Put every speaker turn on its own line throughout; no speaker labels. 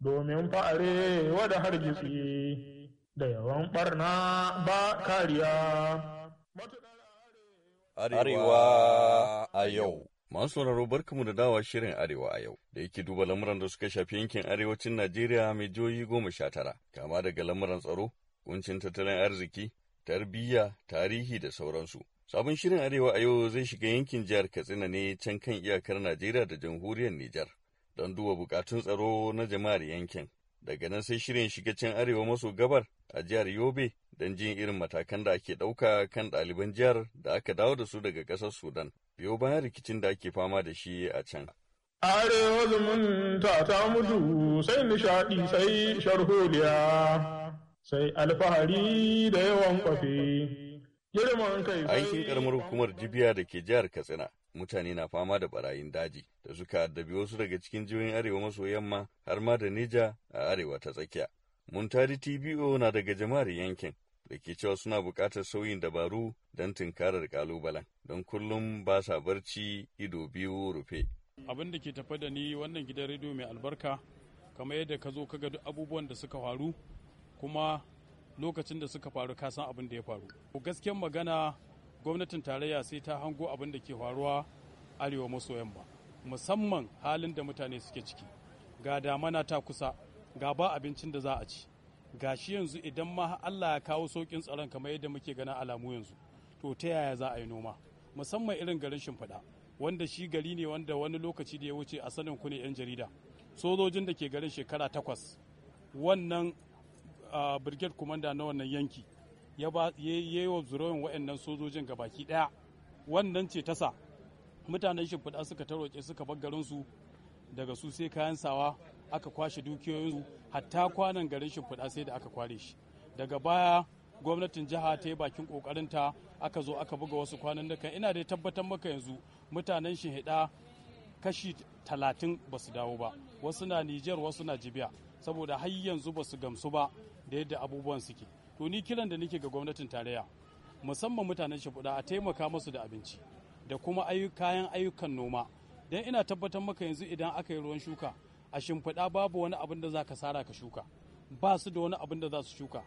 domin fa'are wada hargitsi da yawan ɓarna ba kariya.
Arewa a yau Masu sauraro barkamu da dawa shirin Arewa a yau da yake duba lamuran da suka shafi yankin arewacin Najeriya mai joyi goma sha tara, kama daga lamuran tsaro, kuncin tattalin arziki, tarbiyya, tarihi da sauransu. Sabon shirin Arewa a yau zai shiga yankin jihar Katsina ne can kan iyakar Najeriya da jamhuriyar Nijar. don duba bukatun tsaro na jama'ar yankin. Daga nan sai shirin shiga can arewa maso gabar a jihar Yobe don jin irin matakan da ake ɗauka kan ɗaliban jihar da aka dawo da su daga ƙasar Sudan. Biyo bayan rikicin da ake fama da shi a can.
Arewa zumunta ta mutu sai nishaɗi sai sharholiya sai alfahari da yawan kwafe.
Aikin ƙaramar hukumar Jibiya da ke jihar Katsina mutane na fama da barayin daji da suka addabi wasu daga cikin jihohin arewa maso yamma har ma da nija a arewa ta tsakiya. Muntari TBO na daga jama'ar yankin da ke cewa suna buƙatar sauyin dabaru don tunkarar kalubalen don kullum ba sa barci ido biyu rufe.
Abin da ke tafa da ni wannan gidan rediyo mai albarka kamar yadda ka zo ka ga duk abubuwan da suka faru kuma lokacin da suka faru ka san abin da ya faru. Gasken magana gwamnatin tarayya sai ta hango abin da ke faruwa arewa maso yamma musamman halin da mutane suke ciki ga damana ta kusa ga ba abincin da za a ci ga shi yanzu idan ma Allah ya kawo saukin tsaron kamar yadda muke gana alamu yanzu to ta yaya za a yi noma musamman irin garin shimfiɗa wanda shi gari ne wanda wani lokaci da ya wuce a sanin ku ne 'yan jarida sojojin da ke garin shekara takwas wannan ah, brigade commander na wannan yanki ya yi wa zurowin waɗannan sojojin ga baki ɗaya wannan ce ta sa mutanen shimfiɗa suka tarwaƙe suka bar garinsu daga su sai kayan sawa aka kwashe dukiyoyinsu hatta kwanan garin shimfiɗa sai da aka kware shi daga baya gwamnatin jiha ta yi bakin ta aka zo aka buga wasu kwanan da kan ina da tabbatar maka yanzu mutanen shimfiɗa kashi talatin ba su dawo ba wasu na nijar wasu na jibiya saboda har yanzu ba su gamsu ba da yadda abubuwan suke to ni kiran da nake ga gwamnatin tarayya musamman mutanen shafuɗa a taimaka musu da abinci da kuma kayan ayyukan noma don ina tabbatar maka yanzu idan aka yi ruwan shuka a shimfiɗa babu wani abin da za ka sara ka shuka ba su da wani abin da za su shuka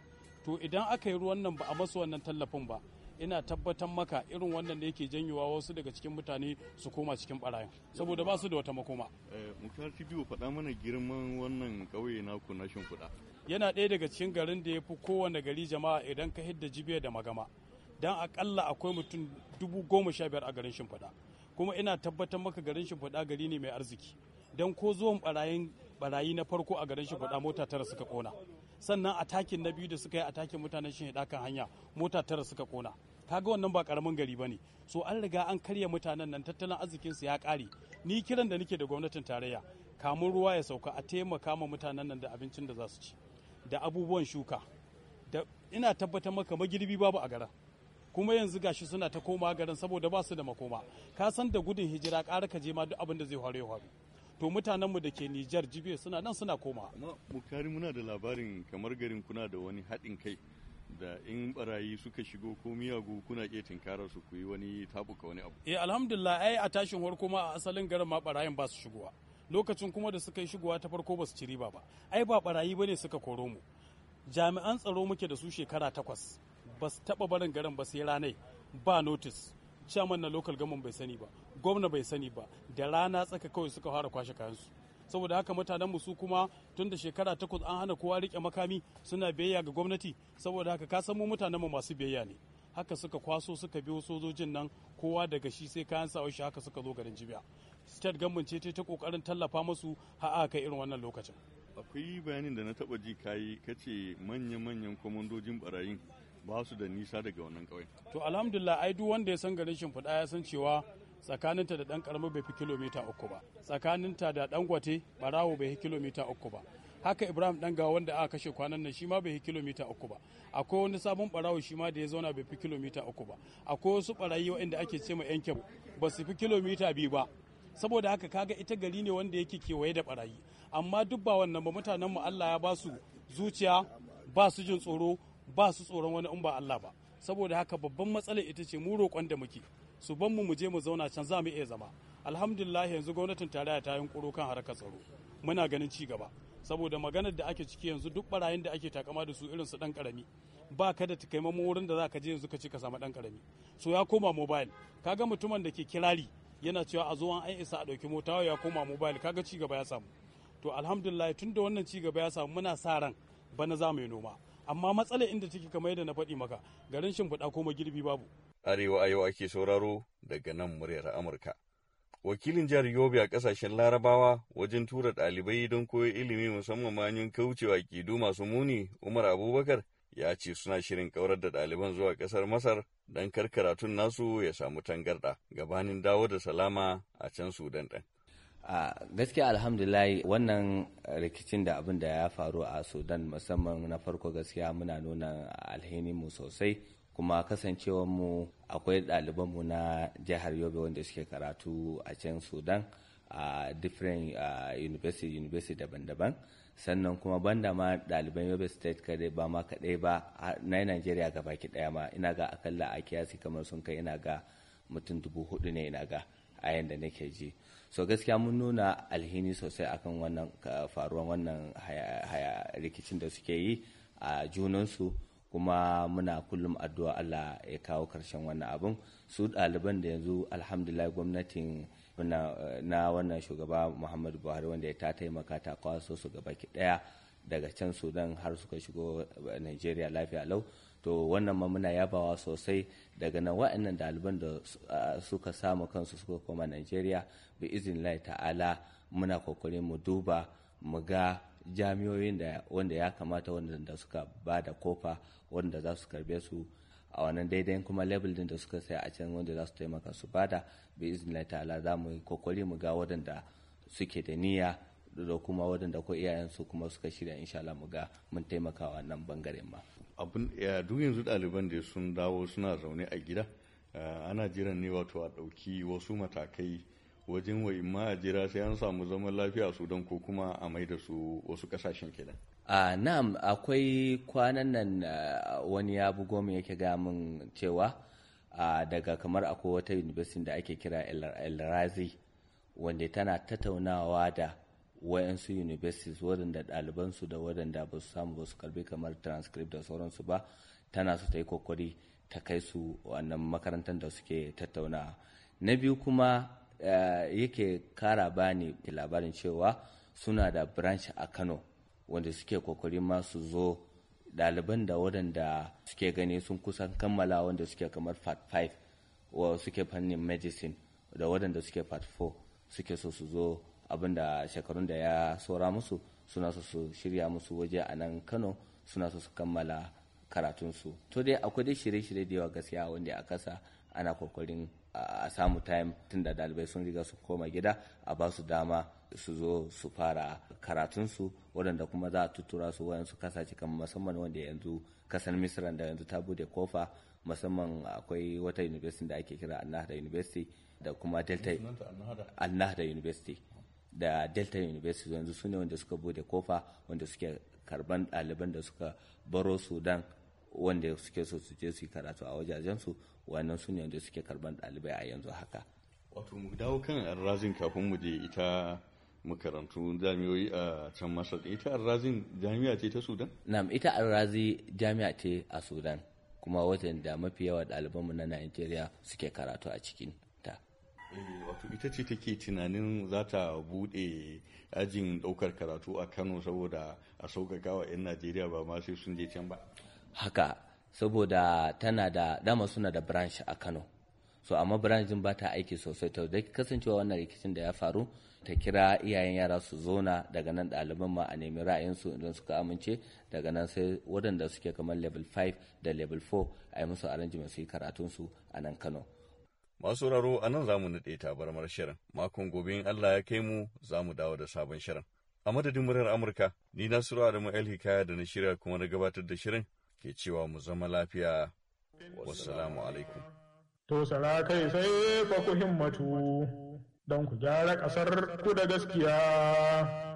to idan aka yi ruwan nan ba a masu wannan tallafin ba ina tabbatar maka irin wannan da yake janyowa wasu daga cikin mutane su koma cikin barayin saboda ba su da wata makoma
eh, mukarci biyu faɗa mana girman wannan ƙauye na ku na kuɗa
yana ɗaya daga cikin garin da ya fi kowane gari jama'a idan ka hidda jibiya da magama dan akalla akwai mutum dubu goma sha biyar a garin shimfiɗa kuma ina tabbatar maka garin shimfiɗa gari ne mai arziki don ko zuwan barayin barayi na farko a garin shimfiɗa mota tara suka kona sannan a takin na biyu da suka yi a takin mutanen shin kan hanya mota tara suka kona kaga wannan ba karamin gari bane so an riga an karya mutanen nan tattalin arzikin su ya kare ni kiran da nake da gwamnatin tarayya kamun ruwa ya sauka a taimaka ma mutanen nan da abincin da za su ci da abubuwan shuka da ina tabbatar maka magirbi babu a garin kuma yanzu gashi suna ta koma garin saboda ba su da makoma ka san da gudun hijira ƙara ka je ma duk abin da zai hware hware to mutanenmu da ke Nijar jibiya suna nan suna koma.
mu kari muna da labarin kamar garin kuna da wani haɗin kai da in barayi suka shigo ko miyagu kuna iya tinkarar su ku yi wani tabuka wani abu
eh alhamdulillah ai a tashin warko ma a asalin garin ma barayin ba su shigowa lokacin kuma da suka yi shigowa ta farko ba su ci riba ba ai ba barayi bane suka koro mu jami'an tsaro muke da su shekara takwas ba su taba barin garin ba sai ranai ba notice chairman na local government bai sani ba gwamna bai sani ba da rana tsaka kawai suka fara kwashe kayansu saboda haka mu su kuma tun da shekara takwas an hana kowa rike makami suna biyayya ga gwamnati saboda haka ka san mu mutanenmu masu biyayya ne haka suka kwaso suka biyo sojojin nan kowa daga shi sai kayan sa shi haka suka zo garin jibiya state government ce ta kokarin tallafa musu har aka irin wannan lokacin
akwai bayanin da na taba ji kai kace manya-manyan kwamandojin barayin ba su da nisa daga wannan kauyen
to alhamdulillah ai duk wanda ya san garin shimfiɗa ya san cewa tsakaninta da dan karamin bai fi kilomita uku ba tsakaninta da gwate barawo bai fi kilomita uku ba haka ibrahim danga wanda aka kashe kwanan nan shi ma bai kilomita uku ba akwai wani sabon barawo shi ma da ya zauna bai fi kilomita uku ba akwai wasu barayi waɗanda ake ce ma yanke ba su fi kilomita biyu ba saboda haka kaga ita gari ne wanda yake kewaye da barayi amma duk ba wannan ba mutanenmu allah ya ba su zuciya ba su jin tsoro ba su tsoron wani in ba allah ba saboda haka babban matsalar ita ce mu roƙon da muke su ban mu je mu zauna can za mu iya zama alhamdulillah yanzu gwamnatin tarayya ta yunkuro kan harkar tsaro muna ganin ci gaba saboda maganar da ake ciki yanzu duk barayin da ake takama da su irin su dan karami ba ka da ma wurin da za ka je yanzu ka ci ka samu dan karami so ya koma mobile kaga mutumin da ke kirari yana cewa a zuwan an isa a ɗauki mota ya koma mobile kaga ci gaba ya samu to alhamdulillah tun da wannan ci gaba ya samu muna sa ran bana za mu yi noma amma matsalar inda take kamar yadda na faɗi maka garin shimfiɗa ko ma girbi babu
arewa a yau ake sauraro daga nan muryar amurka wakilin jihar yobe a kasashen larabawa wajen tura ɗalibai don koyo ilimi musamman manyan kaucewa kidu masu muni umar abubakar ya ce suna shirin kaurar da ɗaliban zuwa ƙasar masar don karkaratun nasu ya samu tangarɗa gabanin dawo da salama
a can sudan ɗin a gaskiya alhamdulillah wannan rikicin da abin da ya faru a sudan musamman na farko gaskiya muna nuna alhini mu sosai kuma kasancewar mu akwai mu na jihar yobe wanda suke karatu a can sudan a different university university daban-daban sannan kuma banda ma ɗaliban yobe state kadai ba ma kadai ba na nigeria gabaki ɗaya ma ina ga akalla a kiyasi kamar sun kai ina ga mutum dubu hudu ne ina ga a yadda nake ji so gaskiya mun nuna alhini sosai akan wannan faruwan wannan haya rikicin da suke yi a junansu kuma muna kullum addu'a Allah ya kawo karshen wannan abun su ɗaliban da yanzu alhamdulillah gwamnatin na wannan shugaba Muhammadu Buhari wanda ya ta taimaka ta kwaso su gaba ki daya daga can Sudan har suka shigo Najeriya lafiya lau to wannan ma muna yabawa sosai daga nan wa'annan ɗaliban da suka samu kansu suka koma Najeriya bi izin ta'ala muna kokarin mu duba mu ga jami'oyin da wanda ya kamata wanda suka ba da kofa wanda za su karbe su a wannan daidai kuma label din da suka sai a can wanda za su taimaka su bada bi lai ta'ala za mu kokari mu ga wadanda suke da niyya da kuma wadanda ko iyayensu kuma suka shirya insha Allah mu ga mun taimaka wannan bangaren ma abin duk yanzu ɗaliban da
sun dawo suna zaune a gida ana jiran ne wato a ɗauki wasu matakai wajen wa imma a jira sai an samu zaman lafiya su don ko kuma a mai da su wasu kasashen
kenan. a na'am akwai kwanan nan wani ya bugo mu yake ga min cewa daga kamar akwai wata university da ake kira el razi wanda tana tattaunawa da wayansu universities waɗanda ɗalibansu da waɗanda ba su samu ba su karbi kamar transcript da sauransu ba tana su ta yi kokari ta kai su wannan makarantar da suke tattaunawa na biyu kuma eh, yake kara bani labarin cewa suna da branch a kano wanda suke kokari ma su zo ɗaliban da waɗanda suke gani sun kusan kammala wanda suke kamar part 5 wa suke fannin medicine da waɗanda suke part 4 suke so su zo abin da shekarun da ya saura musu suna su su shirya musu waje a nan kano suna su su kammala karatunsu to dai akwai dai shirye-shirye da yawa gaskiya wanda a kasa ana kokarin a samu time tun da dalibai sun riga su koma gida a ba su dama su zo su fara karatunsu waɗanda kuma za a tutura su wayan su kasa kamar musamman wanda yanzu kasan misira da yanzu ta bude kofa musamman akwai wata university da ake kira annahda university da kuma delta annahda university da delta university yanzu su ne wanda suka bude kofa wanda suke karban ɗaliban da suka baro sudan wanda suke so su je su yi karatu a wajajensu wannan su ne wanda suke karban ɗalibai a yanzu haka
wato mu dawo kan arrazin kafin mu je ita makarantu jami'oi a can masar ita
arrazin jami'a ce ta sudan na'am ita arrazi jami'a ce a sudan kuma wajen da mafi yawa ɗalibanmu na najeriya suke karatu a cikin Eh, wato ita
ce take tunanin za ta buɗe ajin ɗaukar karatu a kano saboda
a sauƙaƙa wa 'yan najeriya ba ma sai sun je can ba haka saboda tana da dama suna da branch a kano so amma branch din ba ta aiki sosai to da kasancewa wannan rikicin da ya faru ta kira iyayen yara su zona daga nan ɗaliban ma a nemi ra'ayinsu idan suka amince daga nan sai waɗanda suke kamar level 5 da level 4 a yi musu arrangement su yi karatunsu a nan kano
Masu raro a nan za mu naɗe tabarmar shirin. Makon gobe in Allah ya kai mu za mu dawo da sabon shirin. A madadin murar Amurka, ni Nasiru Adamu El Hikaya da na shirya kuma na gabatar da shirin ke cewa mu zama lafiya. Wassalamu alaikum.
To sara kai sai fa ku himmatu don ku gyara ƙasar ku da gaskiya.